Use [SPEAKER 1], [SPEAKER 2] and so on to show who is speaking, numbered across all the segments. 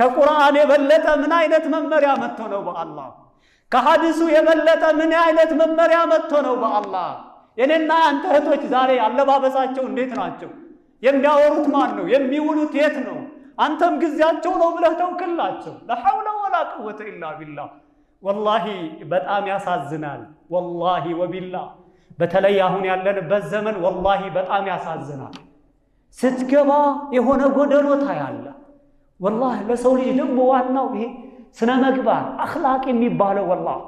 [SPEAKER 1] ከቁርአን የበለጠ ምን አይነት መመሪያ መጥቶ ነው በአላህ? ከሐዲሱ የበለጠ ምን አይነት መመሪያ መጥቶ ነው በአላህ? የኔና አንተ እህቶች ዛሬ አለባበሳቸው እንዴት ናቸው? የሚያወሩት ማን ነው? የሚውሉት የት ነው? አንተም ጊዜያቸው ነው ብለህ ተውክላቸው። ለሐውለ ወላ ቁወተ ኢላ ቢላህ ወላሂ በጣም ያሳዝናል። ወላሂ ወቢላ በተለይ አሁን ያለንበት ዘመን ወላሂ በጣም ያሳዝናል። ስትገባ የሆነ ጎደሎ ታያለህ። ወላህ ለሰው ልጅ ደግሞ ዋናው ይሄ ስነ መግባር አኽላቅ የሚባለው ወላህ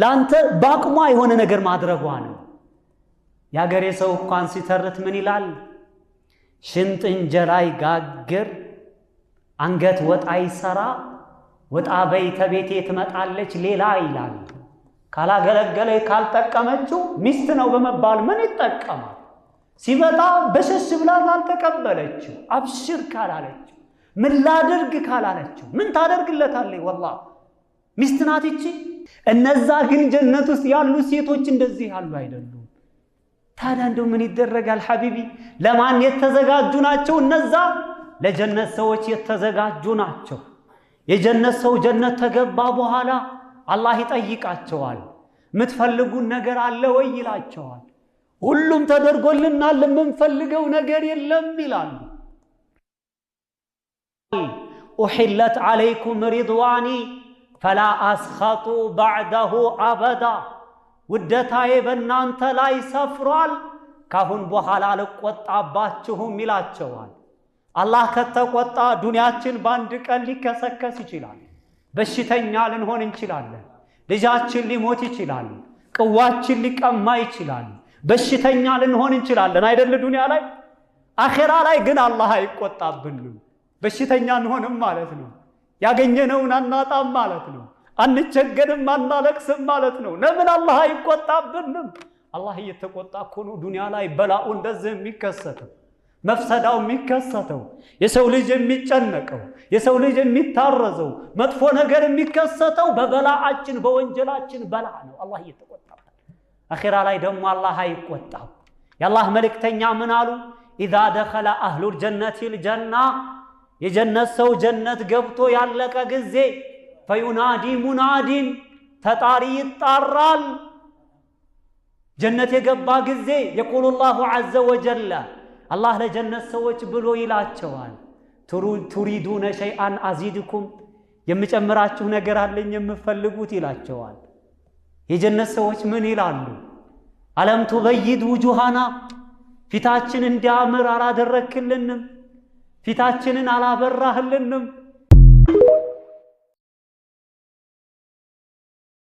[SPEAKER 1] ለአንተ በአቅሟ የሆነ ነገር ማድረጓ ነው። የአገሬ ሰው እንኳን ሲተርት ምን ይላል? ሽንጥ እንጀራ ይጋግር፣ አንገት ወጥ አይሰራ፣ ወጣ በይ ከቤቴ ትመጣለች ሌላ ይላል። ካላገለገለ ካልጠቀመችው ሚስት ነው በመባል ምን ይጠቀማል? ሲመጣ በሸሽ ብላ ካልተቀበለችው አብሽር ካላለችው ምን ላድርግ ካላለችው ምን ታደርግለታለች? ወላ ሚስት ናት ይቺ። እነዛ ግን ጀነት ውስጥ ያሉ ሴቶች እንደዚህ ያሉ አይደሉም። ታዲያ እንደው ምን ይደረጋል ሐቢቢ? ለማን የተዘጋጁ ናቸው? እነዛ ለጀነት ሰዎች የተዘጋጁ ናቸው። የጀነት ሰው ጀነት ተገባ በኋላ አላህ ይጠይቃቸዋል። የምትፈልጉን ነገር አለ ወይ ይላቸዋል። ሁሉም ተደርጎልናል፣ የምንፈልገው ነገር የለም ይላሉ። ኡሒለት ዓለይኩም ሪድዋኒ ፈላ አስኸጡ ባዕደሁ አበዳ ውደታዬ በእናንተ ላይ ሰፍሯል፣ ካሁን በኋላ አልቆጣባችሁም ይላቸዋል። አላህ ከተቆጣ ዱንያችን በአንድ ቀን ሊከሰከስ ይችላል። በሽተኛ ልንሆን እንችላለን። ልጃችን ሊሞት ይችላል። ቅዋችን ሊቀማ ይችላል። በሽተኛ ልንሆን እንችላለን አይደል? ዱንያ ላይ አኼራ ላይ ግን አላህ አይቆጣብንም። በሽተኛ አንሆንም ማለት ነው። ያገኘነውን አናጣም ማለት ነው። አንቸገርም፣ አናለቅስም ማለት ነው። ለምን አላህ አይቆጣብንም? አላህ እየተቆጣ እኮ ነው ዱንያ ላይ በላኡ እንደዚህ የሚከሰተው መፍሰዳው የሚከሰተው የሰው ልጅ የሚጨነቀው የሰው ልጅ የሚታረዘው መጥፎ ነገር የሚከሰተው በበላአችን በወንጀላችን በላ ነው። አላህ እየተቆጣበት አኼራ ላይ ደግሞ አላህ አይቆጣው። የአላህ መልእክተኛ ምን አሉ? ኢዛ ደኸለ አህሉል ጀነቲል ጀና የጀነት ሰው ጀነት ገብቶ ያለቀ ጊዜ ፈዩናዲ ሙናዲን ተጣሪ ይጣራል። ጀነት የገባ ጊዜ የቁሉ ላሁ ወጀለ አላህ ለጀነት ሰዎች ብሎ ይላቸዋል። ቱሪዱነ ሸይአን አዚድኩም የምጨምራችሁ ነገር አለኝ የምፈልጉት ይላቸዋል። የጀነት ሰዎች ምን ይላሉ? አለም ቱበይድ ውጁሃና ፊታችን እንዲያምር አላደረክልንም ፊታችንን አላበራህልንም